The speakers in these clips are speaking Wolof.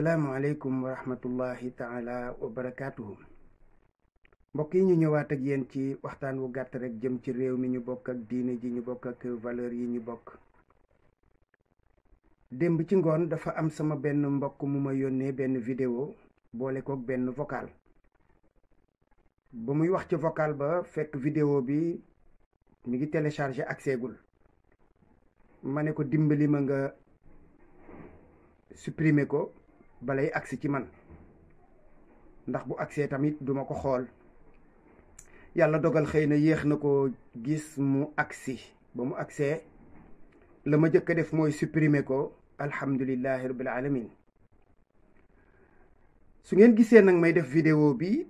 asalaamualeykum wa rahmatullahi taala wa barakaatuhu mbokk yi ñu ñëwaat ak yéen ci waxtaan wu gàtt rek jëm ci réew mi ñu bokk ak diine ji ñu bokk ak valeur yi ñu bokk démb ci ngoon dafa am sama benn mbokk mu ma yónnee benn vidéo boole kook benn vocal ba muy wax ca vocal ba fekk vidéo bi mu ngi téléchargé ak seegul ma ne ko dimbali ma nga supprimer ko balay aksi ci man ndax bu aksé tamit duma ko xol yalla dogal xeyna na nako gis mu aksi, ba mu lama la ma def moy supprimer ko alhamdullilah rabbil alamin su ngeen gisé nak may def vidéo bi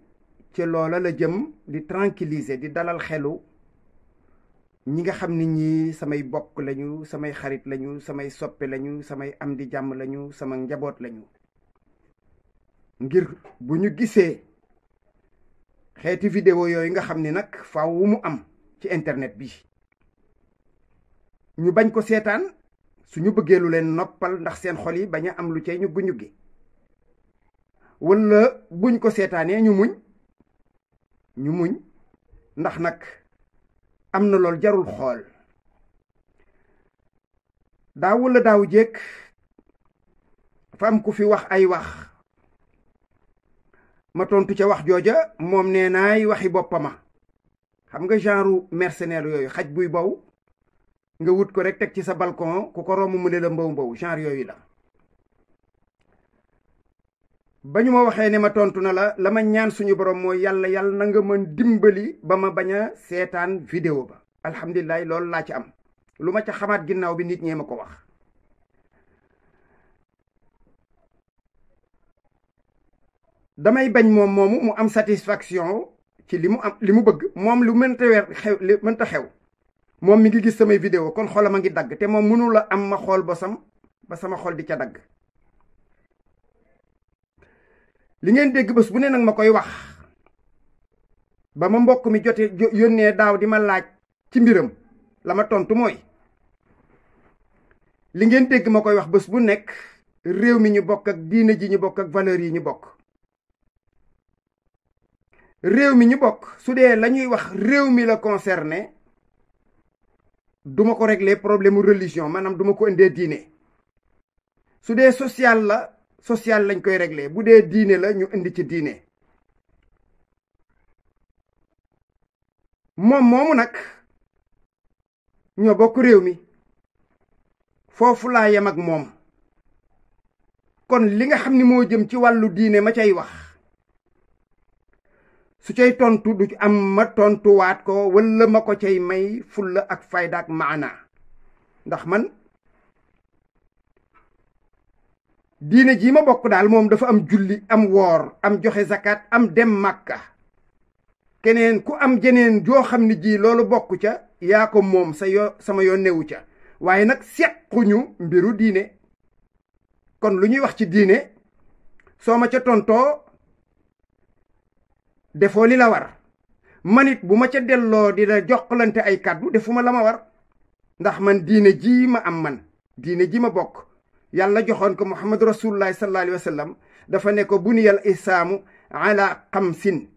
ci loola la jëm di tranquilliser di dalal xelu ñi nga xamni ñi samay bokk lañu samay xarit lañu samay soppe lañu samay am di jamm lañu sama njabot lañu ngir bu ñu gisee xeeti vidéo yooyu nga xam ni nag fawu mu am ci internet bi ñu bañ ko seetaan suñu bëggee lu leen noppal ndax seen xol yi bañ a am lu cay ñu guñu gi wala buñ ko seetaanee ñu muñ ñu muñ ndax nag am na lool jarul xool daaw wala daaw jéeg fa am ku fi wax ay wax ma tontu ca wax jooja moom nee naay waxi boppama xam nga genre mercenaire yooyu xaj buy bow nga wut ko rek teg ci sa balkon ku ko romb ne la mbaw mbaw genre yooyu la ba ñu ma waxee ne ma tontu na la la ma ñaan suñu borom mooy yàlla yàlla na nga mën dimbali ba ma bañ a seetaan vidéo ba alhamdulilah loolu laa ci am lu ma ca xamaat ginnaaw bi nit ñee ma ko wax damay bañ moom moomu mu am satisfaction ci li mu am li mu bëgg moom lu mënta weer xew li mënta xew moom mi ngi gis samay vidéo kon xoolam a ngi dagg te moom mënu la am ma xool ba ba sama xol di ca dagg li ngeen dégg bés bu ne nag ma koy wax ba ma mbokk mi jote yónnee daaw di ma laaj ci mbiram la ma tontu mooy li ngeen dégg ma koy wax bés bu nekk réew mi ñu bokk ak diine ji ñu bokk ak valeur yi ñu bokk réew mi ñu bokk su dee la ñuy wax réew mi la concerné duma ko régler problème mu religion maanaam duma ko indee diine su dee social la social lañ koy régler bu dee diine la ñu indi ci diine moom moomu nag ñoo bokk réew mi foofu laa yem ak moom kon li nga xam ni moo jëm ci wàllu diine ma cay wax su cay tontu du am ma tontuwaat ko walla ma ko cay may fulla ak fayda ak maanaa ndax man diine ji ma bokk daal moom dafa am julli am woor am joxe zakat am dem màkka keneen ku am jeneen joo xam ne ji loolu bokk ca yaa ko moom sama yoon newu ca waaye nag sequñu mbiru diine kon lu ñuy wax ci diine soo ma ca tontoo defoo li la war manit bu ma ca delloo di la joxlante ay kàddu defuma la ma war ndax man diine ji ma am man diine ji ma bokk yàlla joxoon ko muhammad rasulullahi sallallahu alayhi wa sallam dafa ne ko buniyal islaamu ala xamsin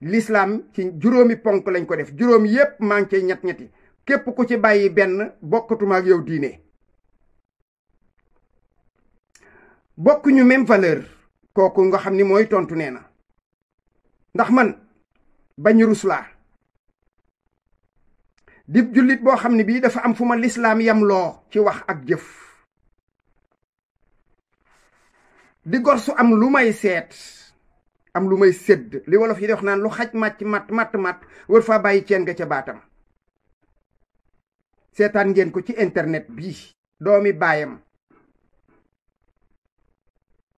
lislaam ci juróomi ponk lañ ko def juróom yépp maa ngi cay ñett ñetti képp ku ci bàyyi benn bokkatuma yow diine bokkuñu même valeur kooku nga xam ni mooy tontu nee na ndax man bañ ruslaa di jullit boo xam ne bii dafa am fu ma lislaam yam loo ci wax ak jëf di gorsu am lu may seet am lu may sédd li wolof yi di wax naan lu xaj màcc matt matt matt war faa bàyyi ceen ga ca baatam seetaan ngeen ko ci internet bii doomi baayam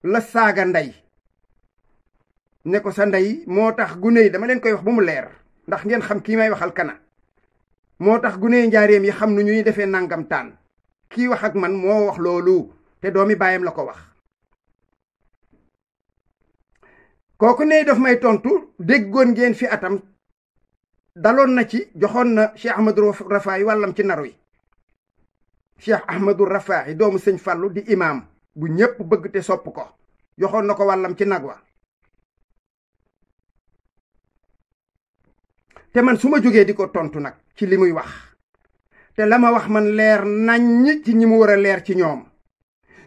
la saaga ndey ne ko sa ndey moo tax gune yi dama leen koy wax bu mu leer ndax ngeen xam kii may waxal kana moo tax gune njaareem yi xam nu ñuy defee nangam taan kii wax ak man moo wax loolu te doomi baayam la ko wax kooku ne daf may tontu déggoon ngeen fi atam daloon na ci joxoon na Cheikh Ahmadou Rafahi wàllam ci naru yi Cheikh Ahmadou Rafahi doomu sëñ Fàllu di imaam bu ñépp bëgg te sopp ko joxoon na ko wàllam ci nag wa te man suma joge diko tontu nak ci limuy wax te lama wax man leer nañ ci ñimu wara leer ci ñoom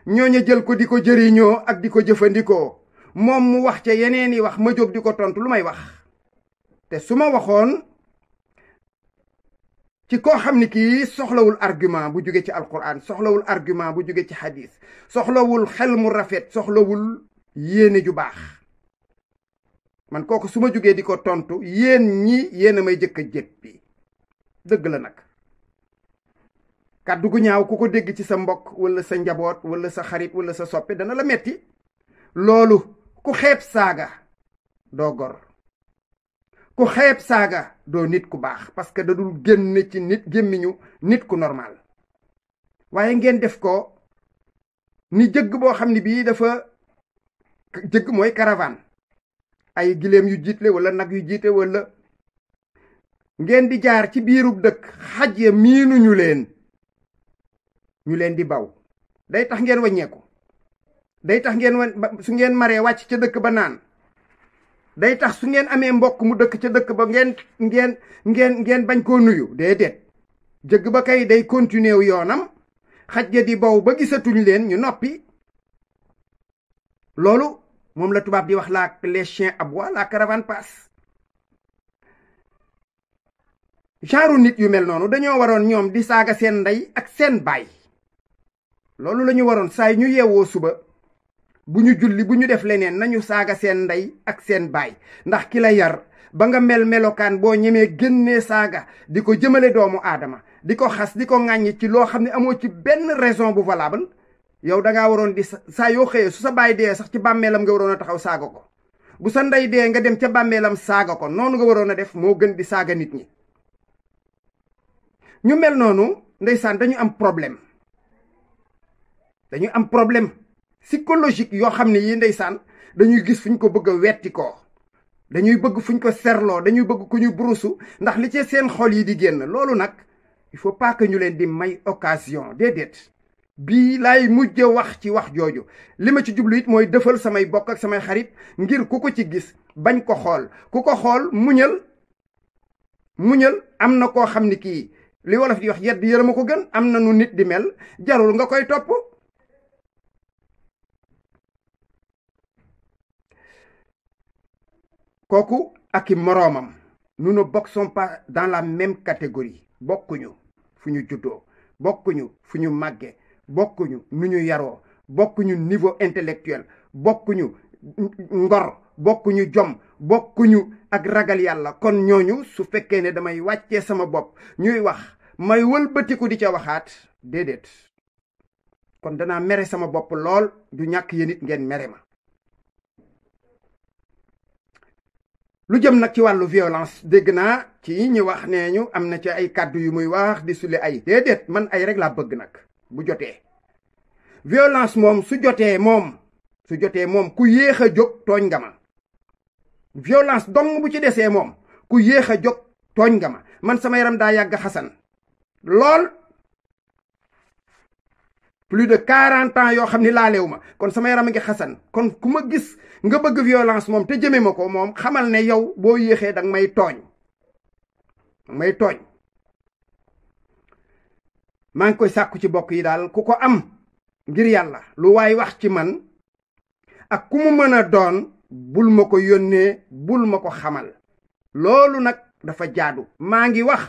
ñoña jël ko diko jëriño ak diko jëfëndiko mom mu wax ci yeneen yi wax ma jog diko tontu lumay wax te suma waxon ci ko xamni ki soxlawul argument bu joge ci alquran soxlawul argument bu joge ci hadith soxlawul xel mu rafet soxlawul yene ju bax man kooku suma ma diko tontu yen ñi yen may jëk jëk bi deug la nak kaddu gu ñaaw kuko ko ci sa mbokk wala sa njaboot wala sa xarit wala sa soppe dana la metti lolu ku xeb saga do gor ku xeb saga do nit ku bax parce que da dul genn ci nit gémmiñu nit ku normal waye ngeen def ko ni jëg bo xamni bi dafa jëg moy caravane ay giléem yu jiitle wala nag yu jiite wala ngeen di jaar ci biirub dëkk xaj ya miinuñu leen ñu leen di baw day tax ngeen waññeeku day tax ngeen su ngeen maree wàcc ca dëkk ba naan day tax su ngeen amee mbokk mu dëkk ca dëkk ba ngeen ngeen ngeen ngeen bañ koo nuyu déedéet jëgg ba kay day continuer wu yoonam xaj ya di baw ba gisatuñu leen ñu noppi loolu moom la tubaab di wax la les chiens aboient la caravane passe genre nit yu mel noonu dañoo waroon ñoom di saaga seen ndey ak seen baay loolu la waroon saa ñu yeewoo suba bu ñu julli bu ñu def leneen nañu saaga seen ndey ak seen baay ndax ki la yar ba nga mel melokaan boo ñemee génnee saaga di ko jëmale doomu aadama di ko xas di ko ŋàññi ci loo xam ne amoo ci benn raison bu valable yow da ngaa waroon di saa yoo xëyee su sa baay dee sax ci bàmmeelam nga waroon a taxaw saaga ko bu sa ndey dee nga dem ca bàmmeelam saaga ko noonu nga waroon a def moo gën di saaga nit ñi ñu mel noonu ndeysaan dañu am problème dañu am problème psychologique yoo xam ne yi ndeysaan dañuy gis fu ñu ko bëgg a wetti ko dañuy bëgg fu ñu ko serloo dañuy bëgg ku ñu burusu ndax li ci seen xol yi di génn loolu nag il faut pas que ñu leen di may occasion déedéet bii laay mujje wax ci wax jooju li ma ci jublu it mooy dëfal samay bokk ak samay xarit ngir ku ko ci gis bañ ko xool ku ko xool muñal muñal am na koo xam ni kii li wolof di wax yedd yërëm ko gën am na nu nit di mel jarul nga koy topp kooku aki moroomam nous ne boxons dans la même catégorie bokkuñu fu ñu juddoo bokkuñu fu ñu màgge bokkuñu nu ñu yaroo bokkuñu niveau intellectuel bokkuñu ngor bokkuñu jom bokkuñu ak ragal yàlla kon ñooñu su fekkee ne damay wàccee sama bopp ñuy wax may wëlbatiku di ca waxaat déedéet kon danaa mere sama bopp lool du ñàkk yéen it ngeen mere ma lu jëm nag ci wàllu violence dégg naa ci ñi wax nee ñu am na ci ay kàddu yu muy wax di sule ay déedéet man ay rek laa bëgg nag bu jotee violence moom su jotee moom su jotee moom ku yéex a jóg tooñ nga ma violence dong bu ci desee moom ku yéex a jóg tooñ nga ma man sama yaram daa yàgg xasan lool plus de quarante ans yoo xam ni laalewu ma kon sama yaram a ngi xasan kon ku ma gis nga bëgg violence moom te jëme ma ko moom xamal ne yow boo yéexee danga may tooñ may tooñ maa ngi koy sàkku ci bokk yi daal ku ko am ngir yàlla lu waay wax ci man ak ku mu mën bul ma ko yónnee bul ma ko xamal loolu nag dafa jaadu mangi ngi wax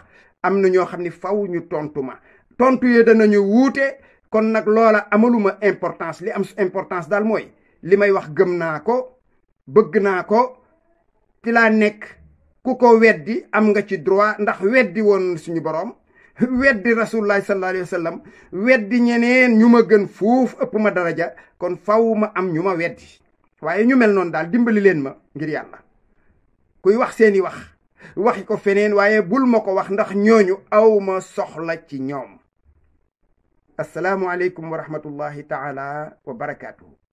am na ñoo xam ni faw ñu tontu ma tontu ye danañu wuute kon nag loola amaluma importance li am importance daal mooy li may wax gëm naa ko bëgg naa ko ci laa nekk ku ko weddi am nga ci droit ndax weddi woon suñu boroom weddi rasulullahi sallallahu alayhi wa sallam weddi ñeneen ñu ma gën foofu ëpp ma daraja kon faw ma am ñu ma weddi waaye ñu mel noon daal dimbali leen ma ngir yàlla kuy wax seeni wax waxi ko feneen waaye bul ma ko wax ndax ñooñu aw ma soxla ci ñoom asalaamualeykum wa rahmatullahi taala wa barakaatu.